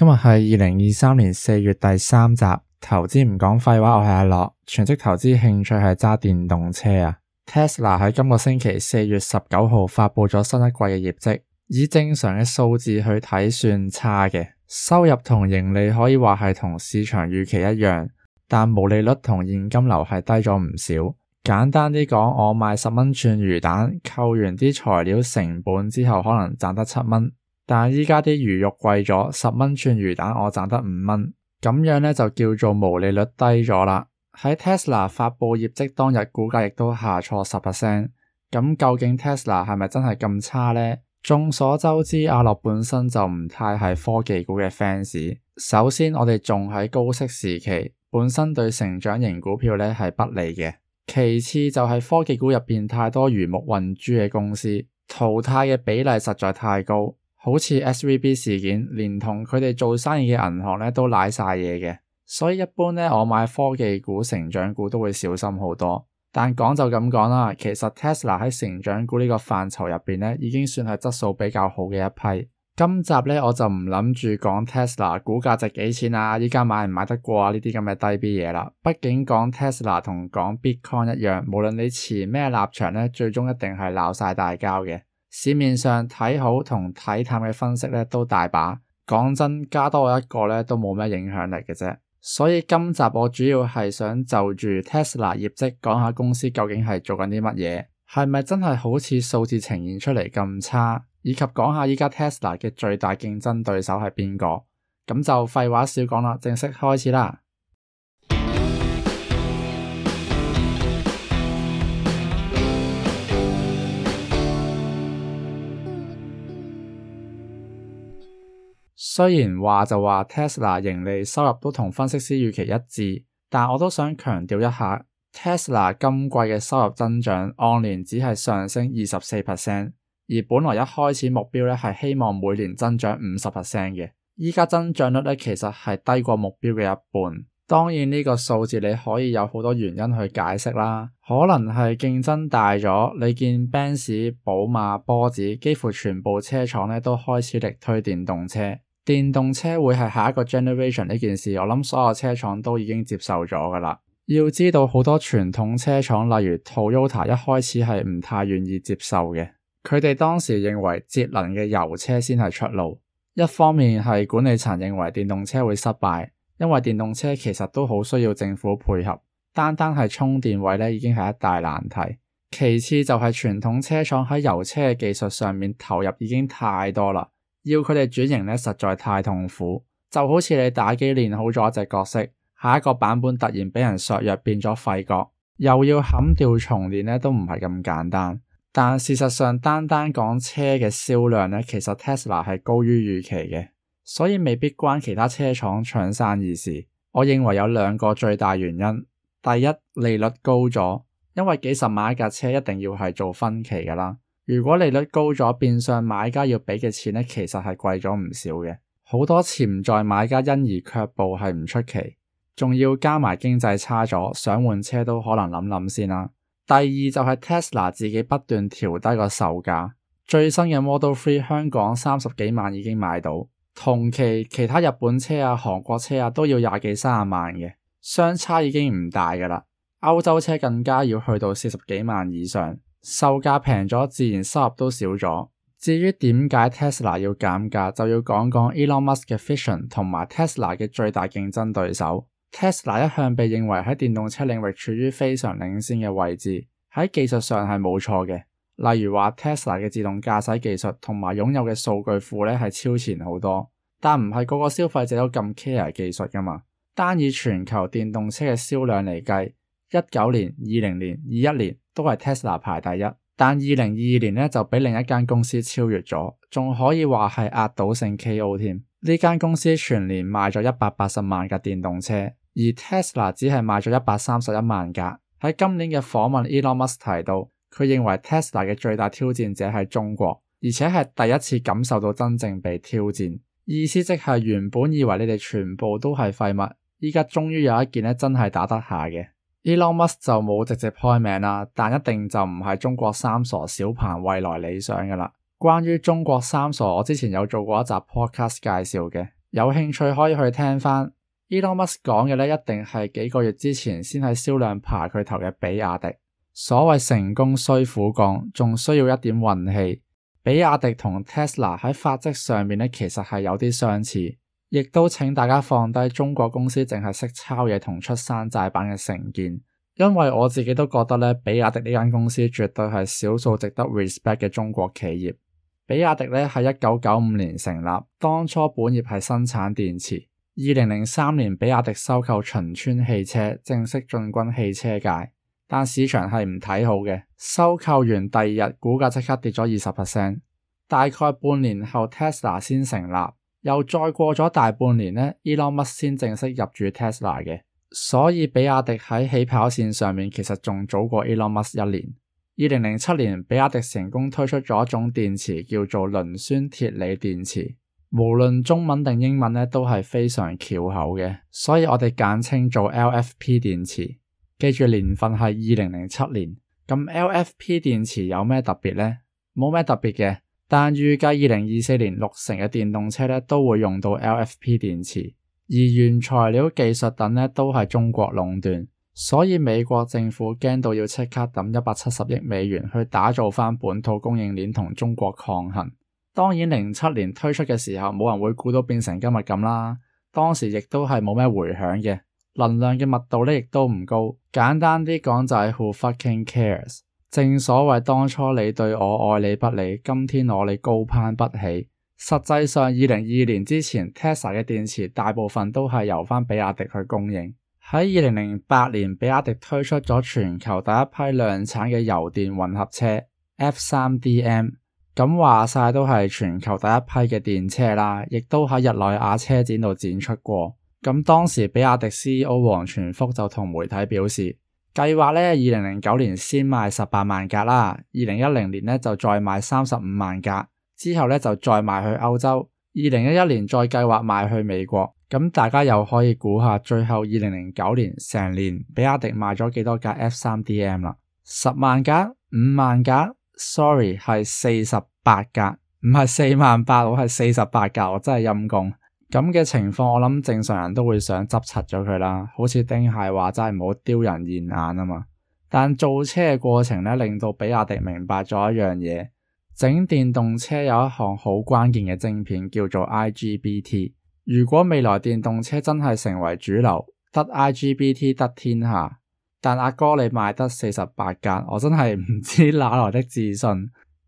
今日係二零二三年四月第三集，投資唔講廢話，我係阿樂，全職投資興趣係揸電動車啊。Tesla 喺今個星期四月十九號發佈咗新一季嘅業績，以正常嘅數字去睇，算差嘅，收入同盈利可以話係同市場預期一樣，但毛利率同現金流係低咗唔少。簡單啲講，我賣十蚊串魚蛋，扣完啲材料成本之後，可能賺得七蚊。但依家啲魚肉貴咗，十蚊串魚蛋我賺得五蚊，咁樣咧就叫做毛利率低咗啦。喺 Tesla 發布業績當日，股價亦都下挫十 percent。咁究竟 Tesla 係咪真係咁差呢？眾所周知，阿樂本身就唔太係科技股嘅 fans。首先，我哋仲喺高息時期，本身對成長型股票，咧係不利嘅。其次就係科技股入面太多魚目混珠嘅公司，淘汰嘅比例實在太高。好似 SVB 事件，連同佢哋做生意嘅銀行咧都瀨晒嘢嘅，所以一般咧我買科技股、成長股都會小心好多。但講就咁講啦，其實 Tesla 喺成長股呢個範疇入邊咧，已經算係質素比較好嘅一批。今集咧我就唔諗住講 Tesla 股價值幾錢啊，而家買唔買得過啊呢啲咁嘅低 B 嘢啦。畢竟講 Tesla 同講 Bitcoin 一樣，無論你持咩立場咧，最終一定係鬧晒大交嘅。市面上睇好同睇淡嘅分析咧都大把，講真加多我一個咧都冇咩影響力嘅啫。所以今集我主要係想就住 Tesla 業績講下公司究竟係做緊啲乜嘢，係咪真係好似數字呈現出嚟咁差，以及講下依家 Tesla 嘅最大競爭對手係邊個。咁就廢話少講啦，正式開始啦。雖然話就話 Tesla 盈利收入都同分析師預期一致，但我都想強調一下，Tesla 今季嘅收入增長按年只係上升二十四 percent，而本來一開始目標咧係希望每年增長五十 percent 嘅，依家增長率咧其實係低過目標嘅一半。當然呢個數字你可以有好多原因去解釋啦，可能係競爭大咗，你見 Benz、寶馬、波子幾乎全部車廠咧都開始力推電動車。電動車會係下一個 generation 呢件事，我諗所有車廠都已經接受咗噶啦。要知道，好多傳統車廠，例如 Toyota，一開始係唔太願意接受嘅。佢哋當時認為節能嘅油車先係出路。一方面係管理層認為電動車會失敗，因為電動車其實都好需要政府配合，單單係充電位呢已經係一大難題。其次就係傳統車廠喺油車嘅技術上面投入已經太多啦。要佢哋轉型呢，實在太痛苦，就好似你打機練好咗一隻角色，下一個版本突然畀人削弱變咗廢角，又要砍掉重練呢，都唔係咁簡單。但事實上，單單講車嘅銷量呢，其實 Tesla 係高於預期嘅，所以未必關其他車廠搶生意事。我認為有兩個最大原因：第一，利率高咗，因為幾十萬一架車一定要係做分期噶啦。如果利率高咗，變相買家要畀嘅錢呢，其實係貴咗唔少嘅。好多潛在買家因而卻步係唔出奇，仲要加埋經濟差咗，想換車都可能諗諗先啦。第二就係 Tesla 自己不斷調低個售價，最新嘅 Model 3香港三十幾萬已經買到，同期其他日本車啊、韓國車啊都要廿幾三十萬嘅，相差已經唔大噶啦。歐洲車更加要去到四十幾萬以上。售價平咗，自然收入都少咗。至於點解 Tesla 要減價，就要講講 Elon Musk 嘅 Vision 同埋 Tesla 嘅最大競爭對手。Tesla 一向被認為喺電動車領域處於非常領先嘅位置，喺技術上係冇錯嘅。例如話 Tesla 嘅自動駕駛技術同埋擁有嘅數據庫呢係超前好多，但唔係個個消費者都咁 care 技術噶嘛。單以全球電動車嘅銷量嚟計，一九年、二零年、二一年，都係 Tesla 排第一，但二零二二年呢，就俾另一間公司超越咗，仲可以話係壓倒性 KO 添。呢間公司全年賣咗一百八十萬架電動車，而 Tesla 只係賣咗一百三十一萬架。喺今年嘅訪問，Elon Musk 提到，佢認為 Tesla 嘅最大挑戰者係中國，而且係第一次感受到真正被挑戰。意思即係原本以為你哋全部都係廢物，依家終於有一件咧真係打得下嘅。Elon Musk 就冇直接開名啦，但一定就唔係中國三傻，小鵬、未來、理想噶啦。關於中國三傻，我之前有做過一集 podcast 介紹嘅，有興趣可以去聽翻。Elon Musk 講嘅咧，一定係幾個月之前先喺銷量爬佢頭嘅比亞迪。所謂成功需苦幹，仲需要一點運氣。比亞迪同 Tesla 喺發跡上面咧，其實係有啲相似。亦都請大家放低中國公司淨係識抄嘢同出山寨版嘅成見，因為我自己都覺得呢，比亞迪呢間公司絕對係少數值得 respect 嘅中國企業。比亞迪呢係一九九五年成立，當初本業係生產電池。二零零三年，比亞迪收購秦川汽車，正式進軍汽車界。但市場係唔睇好嘅，收購完第二日，股價即刻跌咗二十 percent。大概半年後，Tesla 先成立。又再過咗大半年呢，Elon Musk 先正式入住 Tesla 嘅，所以比亞迪喺起跑線上面其實仲早過 Elon Musk 一年。二零零七年，比亞迪成功推出咗一種電池，叫做磷酸鐵鋰電池。無論中文定英文呢，都係非常翹口嘅，所以我哋簡稱做 LFP 電池。記住年份係二零零七年。咁 LFP 電池有咩特別呢？冇咩特別嘅。但預計二零二四年六成嘅電動車咧都會用到 LFP 電池，而原材料技術等咧都係中國壟斷，所以美國政府驚到要即刻抌一百七十億美元去打造翻本土供應鏈同中國抗衡。當然零七年推出嘅時候冇人會估到變成今日咁啦，當時亦都係冇咩回響嘅，能量嘅密度咧亦都唔高，簡單啲講就係 Who fucking cares？正所謂當初你對我愛你不理，今天我你高攀不起。實際上，二零二二年之前，Tesla 嘅電池大部分都係由翻比亞迪去供應。喺二零零八年，比亞迪推出咗全球第一批量產嘅油電混合車 F 三 DM，咁、嗯、話晒都係全球第一批嘅電車啦，亦都喺日內瓦車展度展出過。咁、嗯、當時比亞迪 CEO 王傳福就同媒體表示，計劃呢，二零零九年先賣十八萬架啦，二零一零年呢，就再賣三十五萬架，之後呢，就再賣去歐洲，二零一一年再計劃賣去美國。咁大家又可以估下，最後二零零九年成年比亞迪賣咗幾多架 F 三 DM 啦？十萬架、五萬架？Sorry，係四十八架，唔係四萬八，我係四十八架，我真係陰功。咁嘅情況，我諗正常人都會想執柒咗佢啦，好似丁蟹話齋，唔好丟人現眼啊嘛。但造車嘅過程呢，令到比亞迪明白咗一樣嘢：整電動車有一項好關鍵嘅晶片叫做 IGBT。如果未來電動車真係成為主流，得 IGBT 得天下。但阿哥你賣得四十八格，我真係唔知哪來的自信。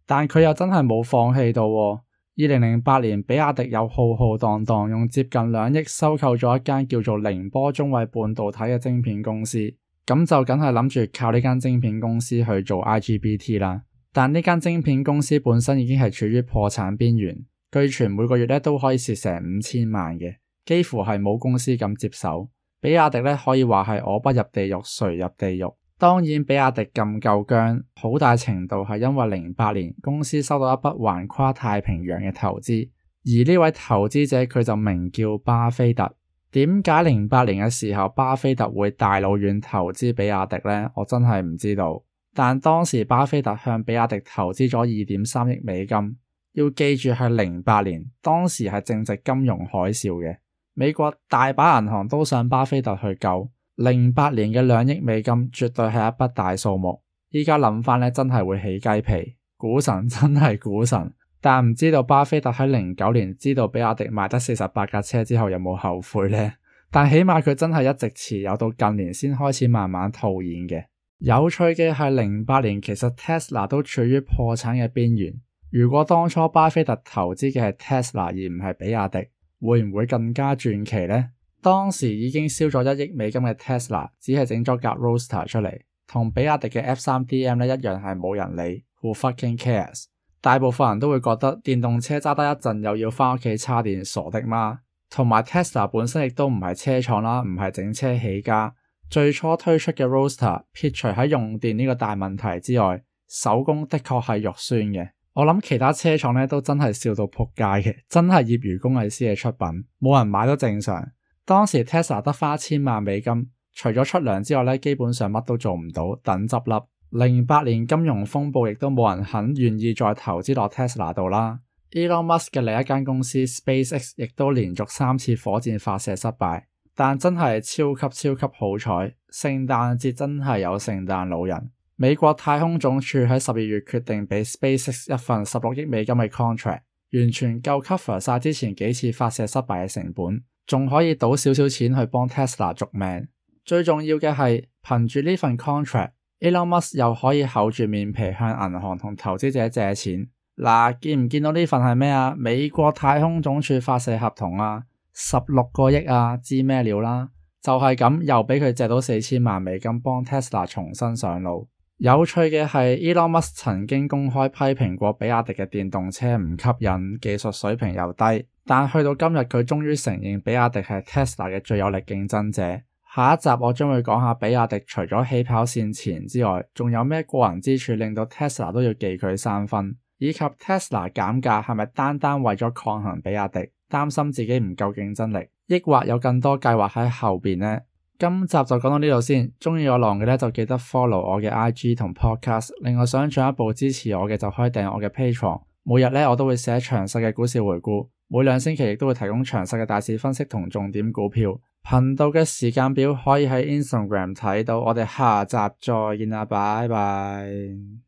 但佢又真係冇放棄到啊。二零零八年，比亞迪又浩浩蕩蕩用接近兩億收購咗一間叫做寧波中衛半導體嘅晶片公司，咁就梗係諗住靠呢間晶片公司去做 IGBT 啦。但呢間晶片公司本身已經係處於破產邊緣，據傳每個月咧都可以蝕成五千萬嘅，幾乎係冇公司敢接手。比亞迪咧可以話係我不入地獄，誰入地獄？當然，比亞迪咁夠薑，好大程度係因為零八年公司收到一筆橫跨太平洋嘅投資，而呢位投資者佢就名叫巴菲特。點解零八年嘅時候巴菲特會大老遠投資比亞迪呢？我真係唔知道。但當時巴菲特向比亞迪投資咗二點三億美金。要記住係零八年，當時係正值金融海嘯嘅，美國大把銀行都上巴菲特去救。零八年嘅兩億美金絕對係一筆大數目，依家諗翻呢，真係會起雞皮，股神真係股神，但唔知道巴菲特喺零九年知道比亞迪賣得四十八架車之後有冇後悔呢？但起碼佢真係一直持有到近年先開始慢慢套現嘅。有趣嘅係零八年其實 Tesla 都處於破產嘅邊緣，如果當初巴菲特投資嘅係 Tesla 而唔係比亞迪，會唔會更加傳奇呢？當時已經燒咗一億美金嘅 Tesla，只係整咗架 Roadster 出嚟，同比亞迪嘅 F 三 DM 呢一樣，係冇人理。Who、no、fucking cares？大部分人都會覺得電動車揸得一陣又要返屋企叉電，傻的嗎？同埋 Tesla 本身亦都唔係車廠啦，唔係整車起家。最初推出嘅 Roadster 撇除喺用電呢個大問題之外，手工的確係肉酸嘅。我諗其他車廠呢都真係笑到仆街嘅，真係業餘工藝師嘅出品，冇人買都正常。當時 Tesla 得花千萬美金，除咗出糧之外咧，基本上乜都做唔到，等執笠。零八年金融風暴亦都冇人肯願意再投資落 Tesla 度啦。Elon Musk 嘅另一間公司 SpaceX 亦都連續三次火箭發射失敗，但真係超級超級好彩，聖誕節真係有聖誕老人。美國太空總署喺十二月決定畀 SpaceX 一份十六億美金嘅 contract，完全夠 cover 晒之前幾次發射失敗嘅成本。仲可以賭少少錢去幫 Tesla 續命，最重要嘅係憑住呢份 contract，Elon Musk 又可以厚住面皮向銀行同投資者借錢。嗱、啊，見唔見到呢份係咩啊？美國太空總署發射合同啊，十六個億啊，知咩料啦？就係、是、咁，又畀佢借到四千萬美金幫 Tesla 重新上路。有趣嘅係，Elon Musk 曾經公開批評過比亞迪嘅電動車唔吸引，技術水平又低。但去到今日，佢終於承認比亞迪係 Tesla 嘅最有力競爭者。下一集我將會講下比亞迪除咗起跑綫前之外，仲有咩過人之處令到 Tesla 都要忌佢三分，以及 Tesla 減價係咪單單為咗抗衡比亞迪，擔心自己唔夠競爭力，抑或有更多計劃喺後邊呢？今集就講到呢度先。鍾意我浪嘅咧，就記得 follow 我嘅 IG 同 Podcast。另外想進一步支持我嘅，就可以訂閱我嘅 Patreon。每日咧我都會寫詳細嘅股市回顧。每兩星期亦都會提供詳細嘅大市分析同重點股票。頻道嘅時間表，可以喺 Instagram 睇到。我哋下集再見啦，拜拜！